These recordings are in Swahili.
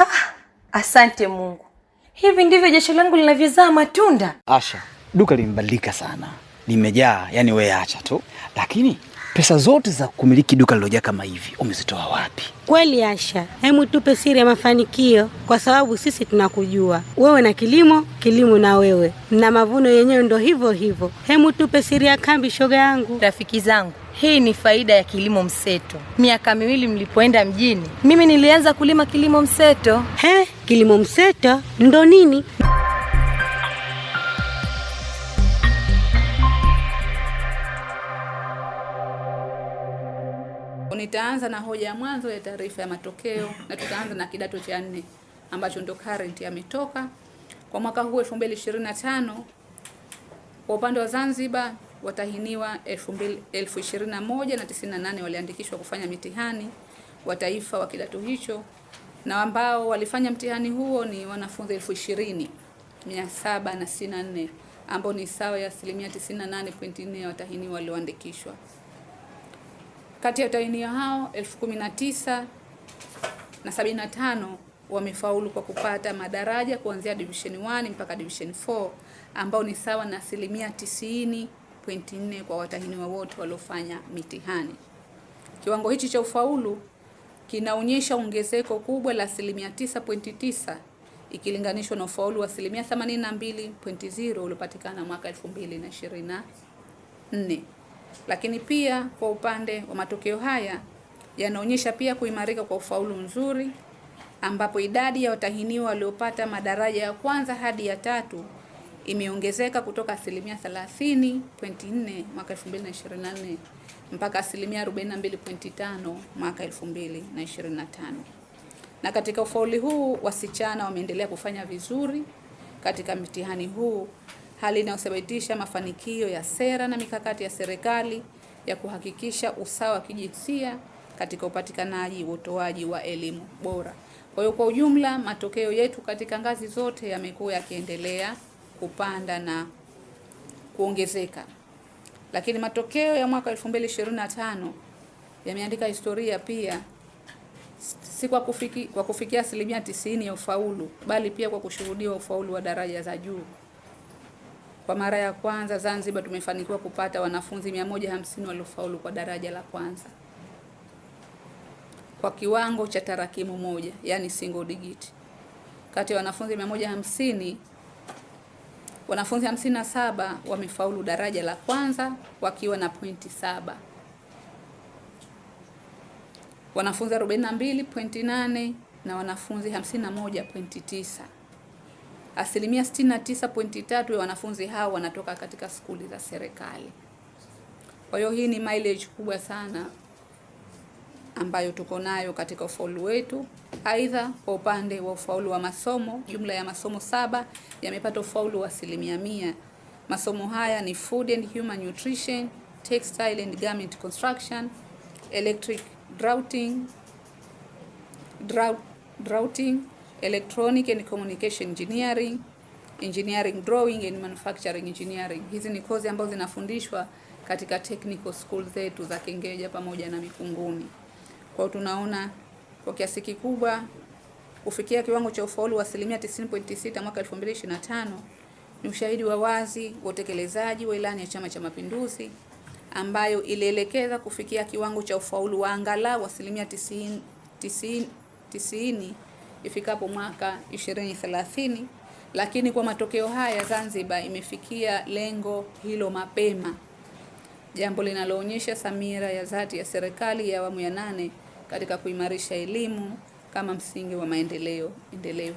asante Mungu, hivi ndivyo jasho langu linavyozaa matunda. Asha, duka limebadilika sana, limejaa. Yani wewe acha tu, lakini pesa zote za kumiliki duka lilojaa kama hivi umezitoa wapi? Kweli Asha, hemu tupe siri ya mafanikio, kwa sababu sisi tunakujua wewe na kilimo, kilimo na wewe na mavuno yenyewe ndo hivyo hivyo. Hemu tupe siri ya kambi, shoga yangu. Rafiki zangu hii ni faida ya kilimo mseto. Miaka miwili mlipoenda mjini, mimi nilianza kulima kilimo mseto. He, kilimo mseto ndo nini? Nitaanza na hoja ya mwanzo ya taarifa ya matokeo na tutaanza na kidato cha nne ambacho ndo current yametoka kwa mwaka huu 2025 kwa upande wa Zanzibar watahiniwa 2198 waliandikishwa kufanya mitihani wa taifa wa kidato hicho na ambao walifanya mtihani huo ni wanafunzi 20,764 ambao ni sawa ya asilimia 98.4 ya watahiniwa walioandikishwa. Kati ya watahiniwa hao 19,000 na 75 wamefaulu kwa kupata madaraja kuanzia division 1 mpaka division 4 ambao ni sawa na asilimia 90 nne kwa watahiniwa wote waliofanya mitihani. Kiwango hichi cha ufaulu kinaonyesha ongezeko kubwa la asilimia 9.9 ikilinganishwa na ufaulu wa asilimia 82.0 uliopatikana mwaka 2024. Lakini pia kwa upande wa matokeo haya yanaonyesha pia kuimarika kwa ufaulu mzuri ambapo idadi ya watahiniwa waliopata madaraja ya kwanza hadi ya tatu imeongezeka kutoka asilimia 30.4 mwaka 2024 mpaka asilimia 42.5 mwaka 2025. Na katika ufauli huu wasichana wameendelea kufanya vizuri katika mtihani huu, hali inayosababisha mafanikio ya sera na mikakati ya serikali ya kuhakikisha usawa wa kijinsia katika upatikanaji utoaji wa elimu bora. Kwa hiyo, kwa ujumla matokeo yetu katika ngazi zote yamekuwa yakiendelea kupanda na kuongezeka. Lakini matokeo ya mwaka 2025 yameandika historia pia, si kwa, kufiki, kwa kufikia asilimia tisini ya ufaulu bali pia kwa kushuhudiwa ufaulu wa daraja za juu. Kwa mara ya kwanza Zanzibar tumefanikiwa kupata wanafunzi 150 waliofaulu kwa daraja la kwanza kwa kiwango cha tarakimu moja, yani single digit. Kati ya wanafunzi 150 Wanafunzi 57 wamefaulu daraja la kwanza wakiwa na pointi saba. Wanafunzi 42.8 na wanafunzi 51.9. Asilimia 69.3 ya wanafunzi hao wanatoka katika skuli za serikali. Kwa hiyo hii ni mileage kubwa sana ambayo tuko nayo katika ufaulu wetu. Aidha, kwa upande wa ufaulu wa masomo, jumla ya masomo saba yamepata ufaulu wa asilimia mia. Masomo haya ni Food and Human Nutrition, Textile and Garment Construction, Electric drouting, Drought, Droughting, Electronic and Communication Engineering, Engineering Drawing and Manufacturing Engineering. Hizi ni kozi ambazo zinafundishwa katika technical school zetu za Kengeja pamoja na Mikunguni. Kwa tunaona kwa kiasi kikubwa kufikia kiwango cha ufaulu wa asilimia 90.6 mwaka 2025 ni ushahidi wa wazi wa utekelezaji wa ilani ya Chama cha Mapinduzi ambayo ilielekeza kufikia kiwango cha ufaulu wa angalau asilimia 90, ifikapo mwaka 2030, lakini kwa matokeo haya Zanzibar imefikia lengo hilo mapema jambo linaloonyesha samira ya dhati ya serikali ya awamu ya nane katika kuimarisha elimu kama msingi wa maendeleo endelevu.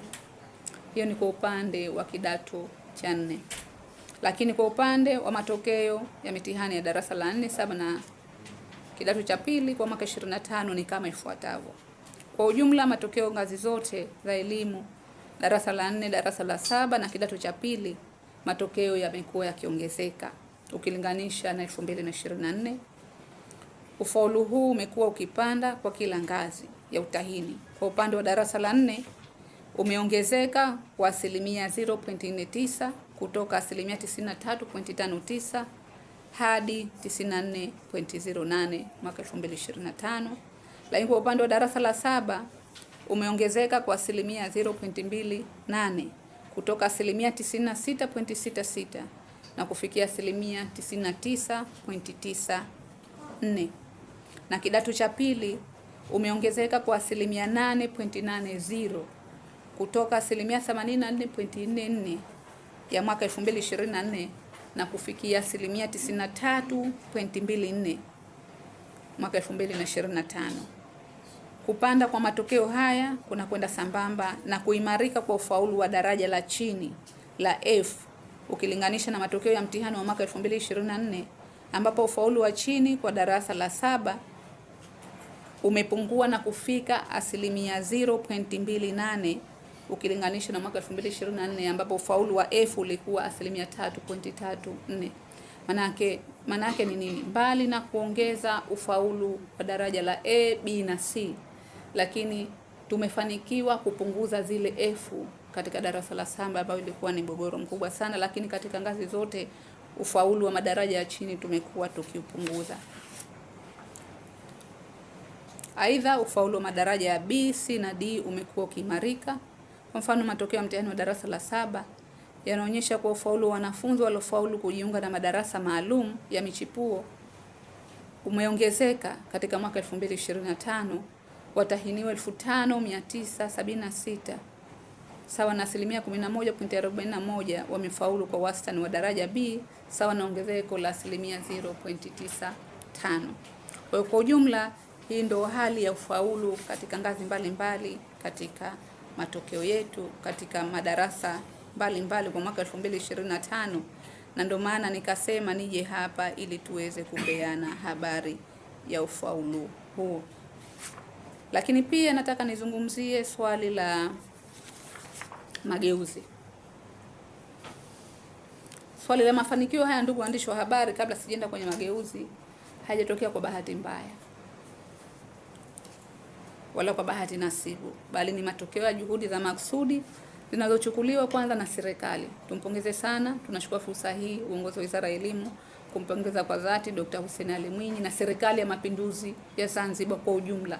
Hiyo ni kwa upande wa kidato cha nne, lakini kwa upande wa matokeo ya mitihani ya darasa la nne, saba na kidato cha pili kwa mwaka 25 ni kama ifuatavyo. Kwa ujumla, matokeo ngazi zote za elimu darasa la nne, darasa la saba na kidato cha pili, matokeo yamekuwa yakiongezeka ukilinganisha na 2024. Ufaulu huu umekuwa ukipanda kwa kila ngazi ya utahini. Kwa upande wa darasa la nne umeongezeka kwa asilimia 0.49 kutoka asilimia 93.59 hadi 94.08 mwaka 2025. Lakini kwa upande wa darasa la saba umeongezeka kwa asilimia 0.28 kutoka asilimia 96.66 na kufikia asilimia 99.94 na kidato cha pili umeongezeka kwa asilimia 8.80 kutoka asilimia 84.44 ya mwaka 2024 na kufikia asilimia 93.24 mwaka 2025. Kupanda kwa matokeo haya kuna kwenda sambamba na kuimarika kwa ufaulu wa daraja la chini la F ukilinganisha na matokeo ya mtihani wa mwaka 2024 ambapo ufaulu wa chini kwa darasa la saba umepungua na kufika asilimia 0.28 ukilinganisha na mwaka 2024 ambapo ufaulu wa F ulikuwa asilimia 3.34. Manake manake ni nini? Mbali na kuongeza ufaulu wa daraja la A, B na C, lakini tumefanikiwa kupunguza zile F katika darasa la saba ambayo ilikuwa ni mgogoro mkubwa sana, lakini katika ngazi zote ufaulu wa madaraja ya chini tumekuwa tukiupunguza. Aidha, ufaulu wa madaraja ya B, C na D umekuwa ukiimarika. Kwa mfano, matokeo ya mtihani wa darasa la saba yanaonyesha kwa ufaulu wa wanafunzi waliofaulu kujiunga na madarasa maalum ya michipuo umeongezeka katika mwaka 2025 watahiniwa 5976 sawa na asilimia 11.41 wamefaulu kwa wastani wa daraja B sawa na ongezeko la asilimia 0.95. Kwa kwa ujumla, hii ndo hali ya ufaulu katika ngazi mbalimbali mbali, katika matokeo yetu katika madarasa mbalimbali kwa mwaka 2025 na ndio maana nikasema nije hapa ili tuweze kupeana habari ya ufaulu huu, lakini pia nataka nizungumzie swali la mageuzi. Swali la mafanikio haya, ndugu waandishi wa habari, kabla sijaenda kwenye mageuzi, hajatokea kwa bahati mbaya wala kwa bahati nasibu, bali ni matokeo ya juhudi za maksudi zinazochukuliwa kwanza na serikali. Tumpongeze sana. Tunachukua fursa hii uongozi wa Wizara ya Elimu kumpongeza kwa dhati Dr. Hussein Ali Mwinyi na Serikali ya Mapinduzi ya Zanzibar kwa ujumla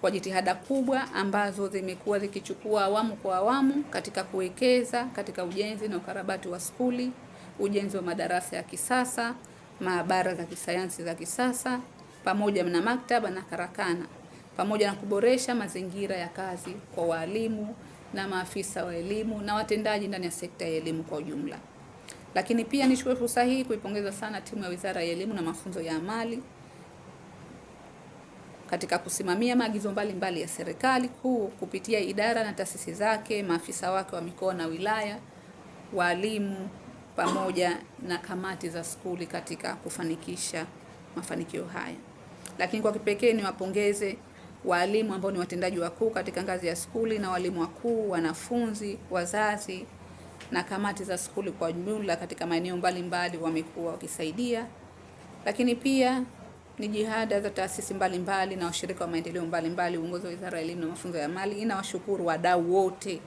kwa jitihada kubwa ambazo zimekuwa zikichukua awamu kwa awamu katika kuwekeza katika ujenzi na ukarabati wa skuli, ujenzi wa madarasa ya kisasa, maabara za kisayansi za kisasa, pamoja na maktaba na karakana, pamoja na kuboresha mazingira ya kazi kwa waalimu na maafisa wa elimu na watendaji ndani ya sekta ya elimu kwa ujumla. Lakini pia nichukue fursa hii kuipongeza sana timu ya Wizara ya Elimu na Mafunzo ya Amali katika kusimamia maagizo mbalimbali ya serikali kuu kupitia idara na taasisi zake, maafisa wake wa mikoa na wilaya, walimu pamoja na kamati za skuli katika kufanikisha mafanikio haya. Lakini kwa kipekee niwapongeze walimu ambao ni watendaji wakuu katika ngazi ya skuli na walimu wakuu, wanafunzi, wazazi na kamati za skuli kwa jumla katika maeneo mbalimbali wamekuwa wakisaidia. Lakini pia ni jihada za taasisi mbalimbali na washirika wa maendeleo mbalimbali. Uongozi wa Wizara ya Elimu na Mafunzo ya Amali inawashukuru wadau wote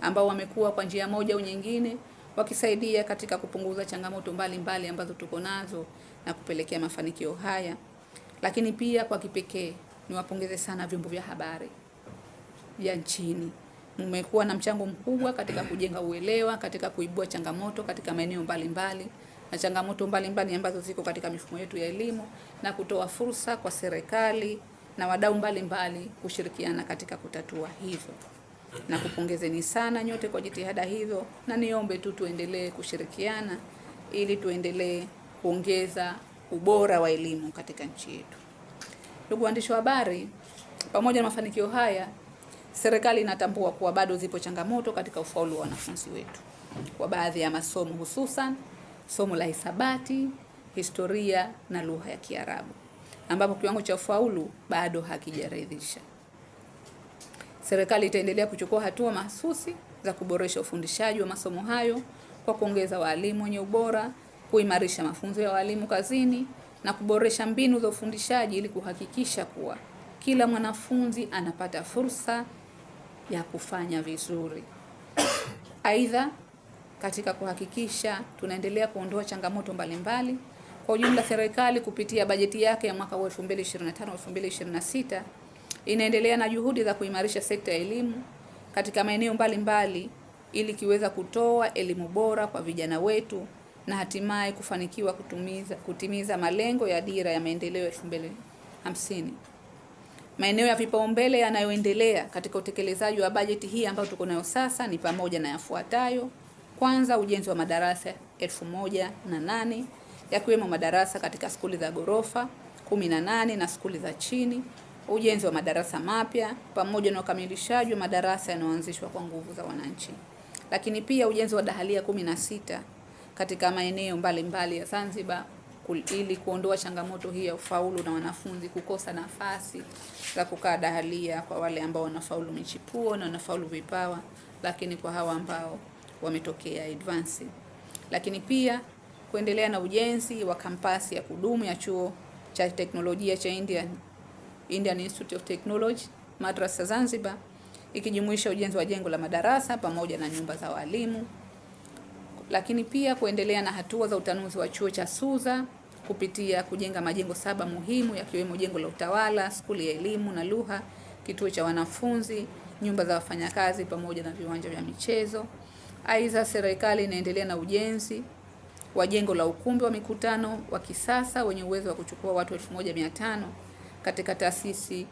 ambao wamekuwa kwa njia moja au nyingine wakisaidia katika kupunguza changamoto mbalimbali mbali ambazo tuko nazo na kupelekea mafanikio haya. Lakini pia kwa kipekee niwapongeze sana vyombo vya habari ya nchini, mmekuwa na mchango mkubwa katika kujenga uelewa, katika kuibua changamoto katika maeneo mbalimbali na changamoto mbalimbali ambazo ziko katika mifumo yetu ya elimu na kutoa fursa kwa serikali na wadau mbalimbali kushirikiana katika kutatua hivyo. Na sana nyote kwa jitihada hizo, na niombe tu tuendelee kushirikiana ili tuendelee kuongeza ubora wa elimu katika nchi yetu. Ndugu waandishi wa habari, pamoja na mafanikio haya, serikali inatambua kuwa bado zipo changamoto katika ufaulu wa wanafunzi wetu kwa baadhi ya masomo hususan somo la hisabati, historia na lugha ya Kiarabu, ambapo kiwango cha ufaulu bado hakijaridhisha. Serikali itaendelea kuchukua hatua mahsusi za kuboresha ufundishaji wa masomo hayo kwa kuongeza walimu wenye ubora, kuimarisha mafunzo ya walimu kazini na kuboresha mbinu za ufundishaji ili kuhakikisha kuwa kila mwanafunzi anapata fursa ya kufanya vizuri. Aidha, katika kuhakikisha tunaendelea kuondoa changamoto mbalimbali mbali. Kwa ujumla serikali kupitia bajeti yake ya mwaka 2025 2026 inaendelea na juhudi za kuimarisha sekta ya elimu katika maeneo mbalimbali ili kiweza kutoa elimu bora kwa vijana wetu na hatimaye kufanikiwa kutumiza, kutimiza malengo ya dira ya maendeleo ya 2050. Maeneo ya vipaumbele yanayoendelea katika utekelezaji wa bajeti hii ambayo tuko nayo sasa ni pamoja na yafuatayo: kwanza, ujenzi wa madarasa elfu moja na nane yakiwemo madarasa katika skuli za ghorofa 18 na skuli za chini, ujenzi wa madarasa mapya pamoja na ukamilishaji wa madarasa yanayoanzishwa kwa nguvu za wananchi. Lakini pia ujenzi wa dahalia 16 katika maeneo mbalimbali ya Zanzibar ili kuondoa changamoto hii ya ufaulu na wanafunzi kukosa nafasi za kukaa dahalia kwa wale ambao wanafaulu michipuo na wanafaulu vipawa, lakini kwa hawa ambao wametokea advance, lakini pia kuendelea na ujenzi wa kampasi ya kudumu ya chuo cha teknolojia cha Indian, Indian Institute of Technology Madrasa Zanzibar, ikijumuisha ujenzi wa jengo la madarasa pamoja na nyumba za walimu, lakini pia kuendelea na hatua za utanuzi wa chuo cha Suza kupitia kujenga majengo saba muhimu yakiwemo jengo la utawala, skuli ya elimu na lugha, kituo cha wanafunzi, nyumba za wafanyakazi pamoja na viwanja vya michezo. Aidha, serikali inaendelea na ujenzi wa jengo la ukumbi wa mikutano wa kisasa wenye uwezo wa kuchukua watu 1500 katika taasisi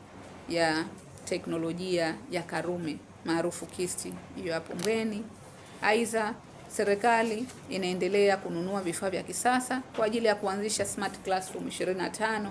ya teknolojia ya Karume maarufu KIST hiyo hapo Mbweni. Aidha, serikali inaendelea kununua vifaa vya kisasa kwa ajili ya kuanzisha smart classroom 25.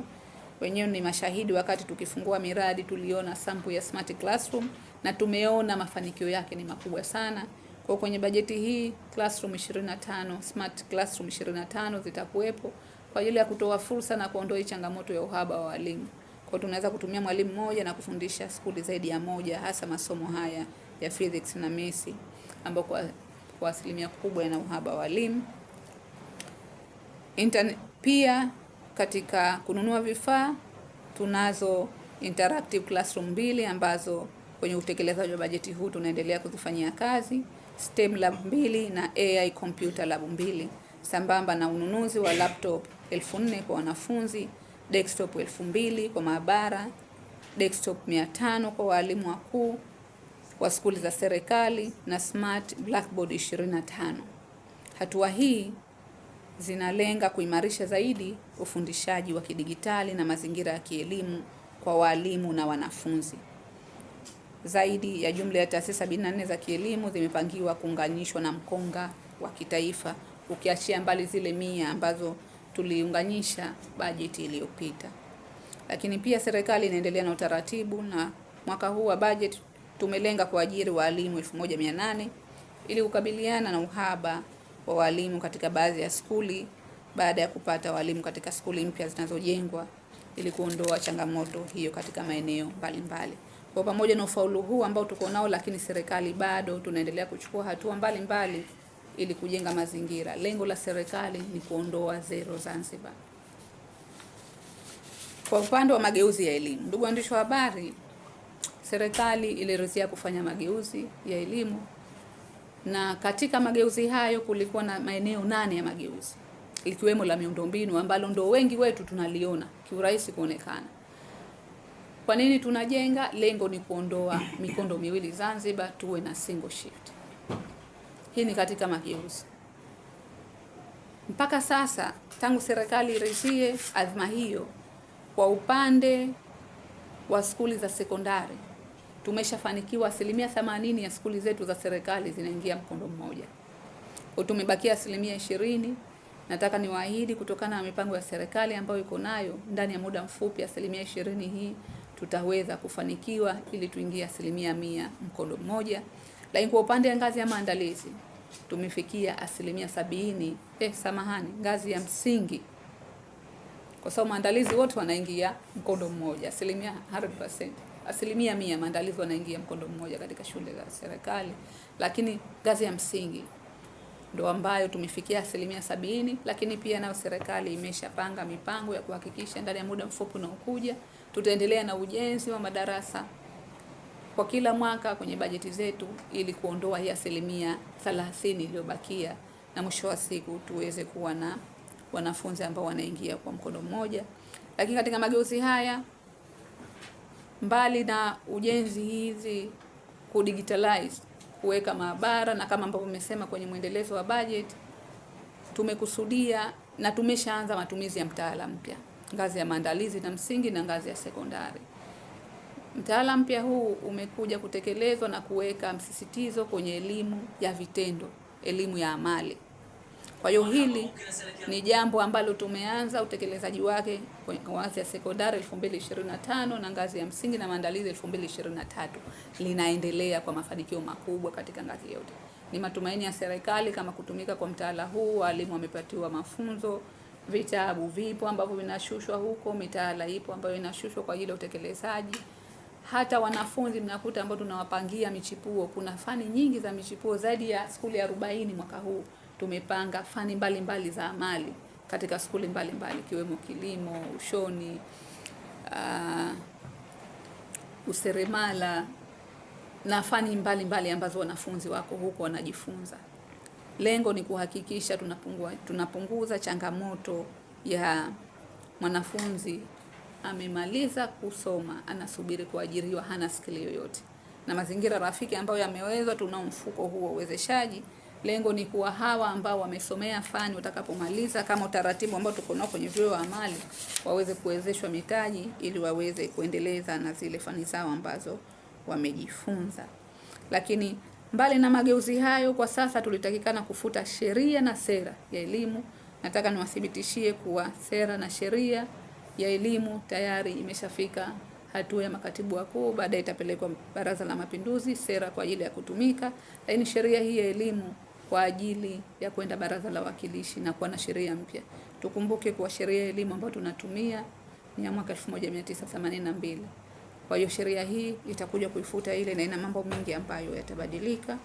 Wenyewe ni mashahidi, wakati tukifungua miradi tuliona sampu ya smart classroom na tumeona mafanikio yake ni makubwa sana. Kwa kwenye bajeti hii classroom 25, smart classroom 25 zitakuwepo kwa ajili ya kutoa fursa na kuondoa changamoto ya uhaba wa walimu. Kwa tunaweza kutumia mwalimu mmoja na kufundisha skuli zaidi ya moja, hasa masomo haya ya physics na mesi ambao kwa, kwa asilimia kubwa yana uhaba wa walimu. pia katika kununua vifaa tunazo interactive classroom mbili ambazo kwenye utekelezaji wa bajeti huu tunaendelea kuzifanyia kazi. STEM Lab mbili na AI Computer Lab 2 sambamba na ununuzi wa laptop 4000 kwa wanafunzi, desktop 2000 kwa maabara, desktop 500 kwa walimu wakuu wa skuli za serikali na smart blackboard 25. Hatua hii zinalenga kuimarisha zaidi ufundishaji wa kidijitali na mazingira ya kielimu kwa walimu na wanafunzi. Zaidi ya jumla ya taasisi 74 za kielimu zimepangiwa kuunganishwa na mkonga wa kitaifa, ukiachia mbali zile mia ambazo tuliunganisha bajeti iliyopita. Lakini pia serikali inaendelea na utaratibu, na mwaka huu wa bajeti tumelenga kuajiri walimu 1800 ili kukabiliana na uhaba wa walimu katika baadhi ya skuli baada ya kupata walimu katika skuli mpya zinazojengwa ili kuondoa changamoto hiyo katika maeneo mbalimbali. Kwa pamoja na ufaulu huu ambao tuko nao, lakini serikali bado tunaendelea kuchukua hatua mbalimbali ili kujenga mazingira. Lengo la serikali ni kuondoa zero Zanzibar. Kwa upande wa mageuzi ya elimu, ndugu waandishi wa habari, serikali iliridhia kufanya mageuzi ya elimu, na katika mageuzi hayo kulikuwa na maeneo nane ya mageuzi, ikiwemo la miundombinu ambalo ndo wengi wetu tunaliona kiurahisi kuonekana kwa nini tunajenga? Lengo ni kuondoa mikondo miwili Zanzibar, tuwe na single shift. Hii ni katika mageuzi. Mpaka sasa tangu serikali iridhie azma hiyo, kwa upande wa skuli za sekondari tumeshafanikiwa asilimia 80 ya skuli zetu za serikali zinaingia mkondo mmoja, kwa tumebakia asilimia ishirini. Nataka niwaahidi kutokana na mipango ya serikali ambayo iko nayo, ndani ya muda mfupi asilimia ishirini hii tutaweza kufanikiwa ili tuingie asilimia mia mkondo mmoja. Lakini kwa upande wa ngazi ya maandalizi tumefikia asilimia sabini. Eh, samahani, ngazi ya msingi, kwa sababu maandalizi wote wanaingia mkondo mmoja, asilimia 100%, asilimia mia maandalizi wanaingia mkondo mmoja katika shule za serikali, lakini ngazi ya msingi ndo ambayo tumefikia asilimia sabini. Lakini pia nayo serikali imeshapanga mipango ya kuhakikisha ndani ya muda mfupi unaokuja tutaendelea na ujenzi wa madarasa kwa kila mwaka kwenye bajeti zetu ili kuondoa hii asilimia 30 iliyobakia na mwisho wa siku tuweze kuwa na wanafunzi ambao wanaingia kwa mkono mmoja. Lakini katika mageuzi haya, mbali na ujenzi hizi kudigitalize, kuweka maabara na kama ambavyo umesema kwenye mwendelezo wa bajeti, tumekusudia na tumeshaanza matumizi ya mtaala mpya ngazi ya maandalizi na msingi na ngazi ya sekondari. Mtaala mpya huu umekuja kutekelezwa na kuweka msisitizo kwenye elimu ya vitendo, elimu ya amali. Kwa hiyo hili ni jambo ambalo tumeanza utekelezaji wake kwenye ngazi ya sekondari 2025 na ngazi ya msingi na maandalizi 2023, linaendelea kwa mafanikio makubwa katika ngazi yote. Ni matumaini ya serikali kama kutumika kwa mtaala huu, walimu wamepatiwa mafunzo vitabu vipo ambavyo vinashushwa huko, mitaala ipo ambayo inashushwa kwa ajili ya utekelezaji. Hata wanafunzi mnakuta ambao tunawapangia michipuo, kuna fani nyingi za michipuo zaidi ya skuli ya 40 mwaka huu tumepanga fani mbalimbali mbali za amali katika skuli mbalimbali ikiwemo kilimo, ushoni, uh, useremala na fani mbalimbali mbali ambazo wanafunzi wako huko wanajifunza. Lengo ni kuhakikisha tunapungua, tunapunguza changamoto ya mwanafunzi amemaliza kusoma anasubiri kuajiriwa, hana skili yoyote, na mazingira rafiki ambayo yamewezwa. Tunao mfuko huo wa uwezeshaji. Lengo ni kuwa hawa ambao wamesomea fani watakapomaliza, kama utaratibu ambao tuko nao kwenye vyuo wa amali, waweze kuwezeshwa mitaji ili waweze kuendeleza na zile fani zao ambazo wamejifunza, lakini Mbali na mageuzi hayo, kwa sasa tulitakikana kufuta sheria na sera ya elimu. Nataka niwathibitishie kuwa sera na sheria ya elimu tayari imeshafika hatua ya makatibu wakuu, baadaye itapelekwa Baraza la Mapinduzi, sera kwa ajili ya kutumika, lakini sheria hii ya elimu kwa ajili ya kwenda Baraza la Wawakilishi na kuwa na sheria mpya. Tukumbuke kuwa sheria ya elimu ambayo tunatumia ni ya mwaka 1982. Kwa hiyo sheria hii itakuja kuifuta ile, na ina mambo mengi ambayo yatabadilika.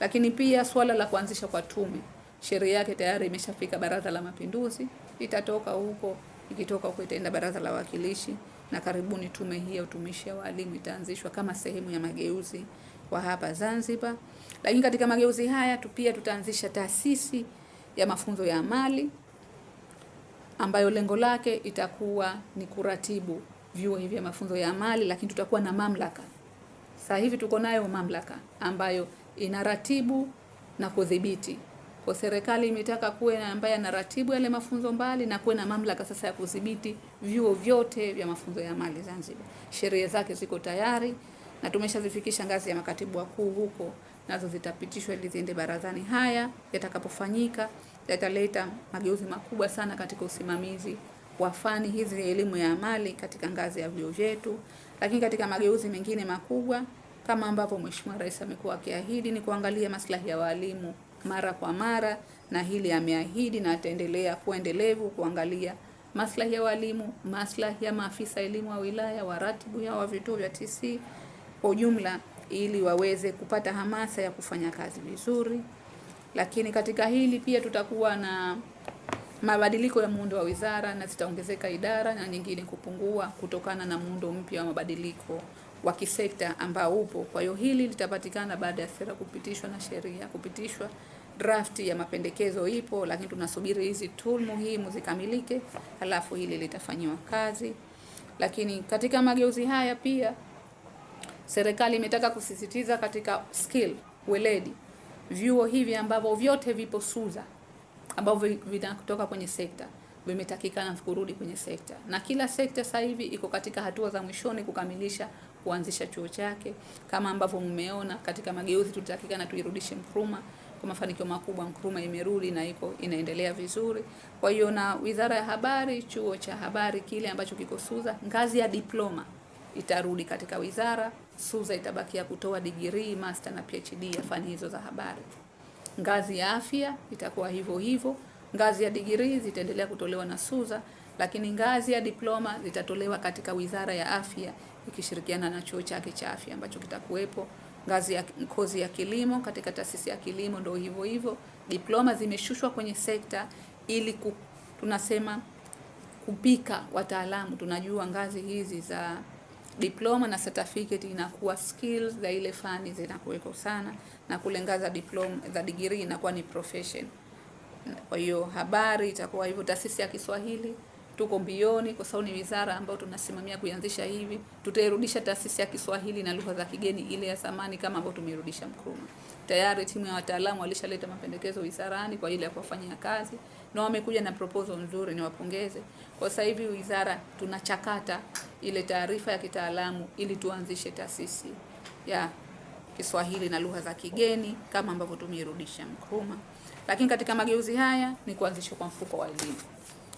Lakini pia swala la kuanzisha kwa tume, sheria yake tayari imeshafika Baraza la Mapinduzi, itatoka huko, ikitoka huko itaenda Baraza la Wawakilishi, na karibuni tume hii ya utumishi wa walimu itaanzishwa kama sehemu ya mageuzi kwa hapa Zanzibar. Lakini katika mageuzi haya tu pia tutaanzisha taasisi ya mafunzo ya amali ambayo lengo lake itakuwa ni kuratibu vyuo hivi vya mafunzo ya amali, lakini tutakuwa na mamlaka. Sasa hivi tuko nayo mamlaka ambayo inaratibu na kudhibiti. Kwa serikali imetaka kuwe na ambaye anaratibu yale mafunzo mbali na kuwe na mamlaka sasa ya kudhibiti vyuo vyote vya mafunzo ya amali Zanzibar. Sheria zake ziko tayari na tumeshazifikisha ngazi ya makatibu wakuu huko, nazo zitapitishwa ili ziende barazani. Haya yatakapofanyika yataleta mageuzi makubwa sana katika usimamizi kwa fani hizi elimu ya amali katika ngazi ya vyuo vyetu, lakini katika mageuzi mengine makubwa kama ambavyo Mheshimiwa Rais amekuwa akiahidi ni kuangalia maslahi ya walimu mara kwa mara, na hili ameahidi na ataendelea kuendelevu kuangalia maslahi ya walimu, maslahi ya maafisa elimu wa wilaya, waratibu hao wa vituo vya TC kwa ujumla, ili waweze kupata hamasa ya kufanya kazi vizuri. Lakini katika hili pia tutakuwa na mabadiliko ya muundo wa wizara na zitaongezeka idara na nyingine kupungua kutokana na muundo mpya wa mabadiliko wa kisekta ambao upo. Kwa hiyo hili litapatikana baada ya sera kupitishwa na sheria kupitishwa. Draft ya mapendekezo ipo, lakini tunasubiri hizi tool muhimu zikamilike, halafu hili litafanyiwa kazi. Lakini katika mageuzi haya pia serikali imetaka kusisitiza katika skill, weledi, vyuo hivi ambavyo vyote vipo SUZA ambavyo vinatoka kwenye sekta vimetakikana kurudi kwenye sekta, na kila sekta sasa hivi iko katika hatua za mwishoni kukamilisha kuanzisha chuo chake, kama ambavyo mmeona katika mageuzi tulitakikana tuirudishe mkruma Kwa mafanikio makubwa Nkrumah imerudi na iko inaendelea vizuri. Kwa hiyo na Wizara ya Habari, chuo cha habari kile ambacho kiko SUZA ngazi ya diploma itarudi katika wizara. SUZA itabakia kutoa digirii, master na PhD ya fani hizo za habari. Ngazi ya afya itakuwa hivyo hivyo. Ngazi ya digrii zitaendelea kutolewa na SUZA, lakini ngazi ya diploma zitatolewa katika Wizara ya Afya ikishirikiana na chuo chake cha afya ambacho kitakuwepo. Ngazi ya kozi ya kilimo katika taasisi ya kilimo ndio hivyo hivyo. Diploma zimeshushwa kwenye sekta ili ku, tunasema kupika wataalamu. Tunajua ngazi hizi za diploma na certificate inakuwa skills za ile fani zinakuweko sana, na kulenga za diploma za degree inakuwa ni profession. Kwa hiyo habari itakuwa hivyo. Taasisi ya Kiswahili tuko mbioni, kwa sababu ni wizara ambayo tunasimamia kuianzisha hivi. Tutairudisha taasisi ya Kiswahili na lugha za kigeni ile ya zamani kama ambayo tumeirudisha Nkrumah. Tayari timu ya wataalamu walishaleta mapendekezo wizarani kwa ile ya kuwafanyia kazi na wamekuja na proposal nzuri, niwapongeze. Kwa sasa hivi wizara tunachakata ile taarifa ya kitaalamu ili tuanzishe taasisi ya Kiswahili na lugha za kigeni kama ambavyo tumeirudisha Nkrumah. Lakini katika mageuzi haya ni kuanzishwa kwa mfuko wa elimu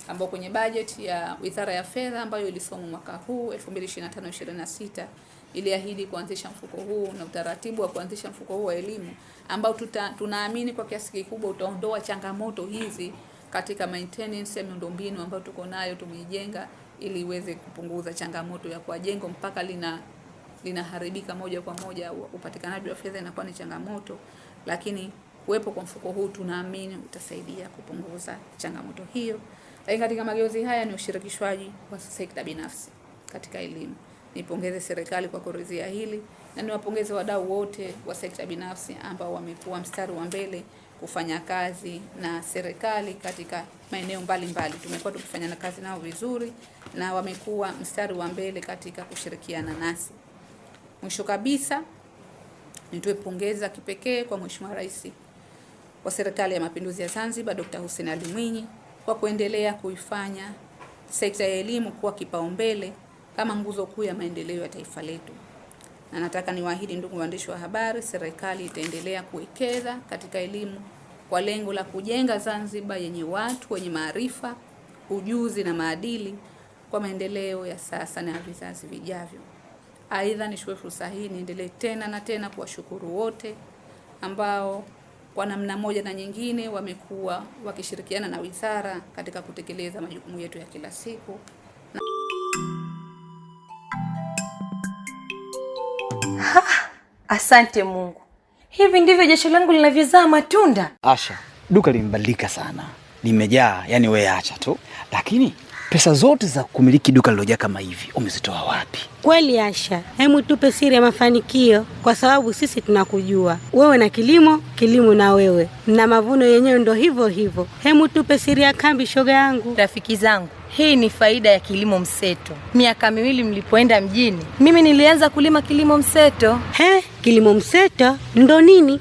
ambao kwenye bajeti ya Wizara ya Fedha ambayo ilisomwa mwaka huu 2025-2026 iliahidi kuanzisha mfuko huu na utaratibu wa kuanzisha mfuko huu wa elimu ambao tuta, tunaamini kwa kiasi kikubwa utaondoa changamoto hizi katika maintenance ya miundombinu ambayo tuko nayo tumeijenga, ili iweze kupunguza changamoto ya kwa jengo mpaka lina linaharibika moja kwa moja, upatikanaji wa fedha inakuwa ni changamoto, lakini kuwepo kwa mfuko huu tunaamini utasaidia kupunguza changamoto hiyo. Lakini katika mageuzi haya ni ushirikishwaji wa sekta binafsi katika elimu. Nipongeze serikali kwa kuridhia hili na niwapongeze wadau wote wa sekta binafsi ambao wamekuwa mstari wa mbele kufanya kazi na serikali katika maeneo mbalimbali. Tumekuwa tukifanya na kazi nao vizuri na wamekuwa mstari wa mbele katika kushirikiana nasi. Mwisho kabisa, nitoe pongeza kipekee kwa Mheshimiwa Rais wa Serikali ya Mapinduzi ya Zanzibar Dr. Hussein Ali Mwinyi kwa kuendelea kuifanya sekta ya elimu kuwa kipaumbele kama nguzo kuu ya maendeleo ya taifa letu na nataka niwaahidi ndugu waandishi wa habari, serikali itaendelea kuwekeza katika elimu kwa lengo la kujenga Zanzibar yenye watu wenye maarifa, ujuzi na maadili kwa maendeleo ya sasa na vizazi vijavyo. Aidha, nichukue fursa hii niendelee tena na tena kuwashukuru wote ambao kwa namna moja na nyingine wamekuwa wakishirikiana na wizara katika kutekeleza majukumu yetu ya kila siku. Ha, asante Mungu, hivi ndivyo jasho langu linavyozaa matunda. Asha, duka limebadilika sana, limejaa yani, wewe acha tu. Lakini pesa zote za kumiliki duka lilojaa kama hivi umezitoa wapi? Kweli Asha, hebu tupe siri ya mafanikio, kwa sababu sisi tunakujua wewe na kilimo, kilimo na wewe na mavuno yenyewe ndo hivyo hivyo. Hebu tupe siri ya kambi, shoga yangu, rafiki zangu hii ni faida ya kilimo mseto. Miaka miwili mlipoenda mjini, mimi nilianza kulima kilimo mseto. He, kilimo mseto ndo nini?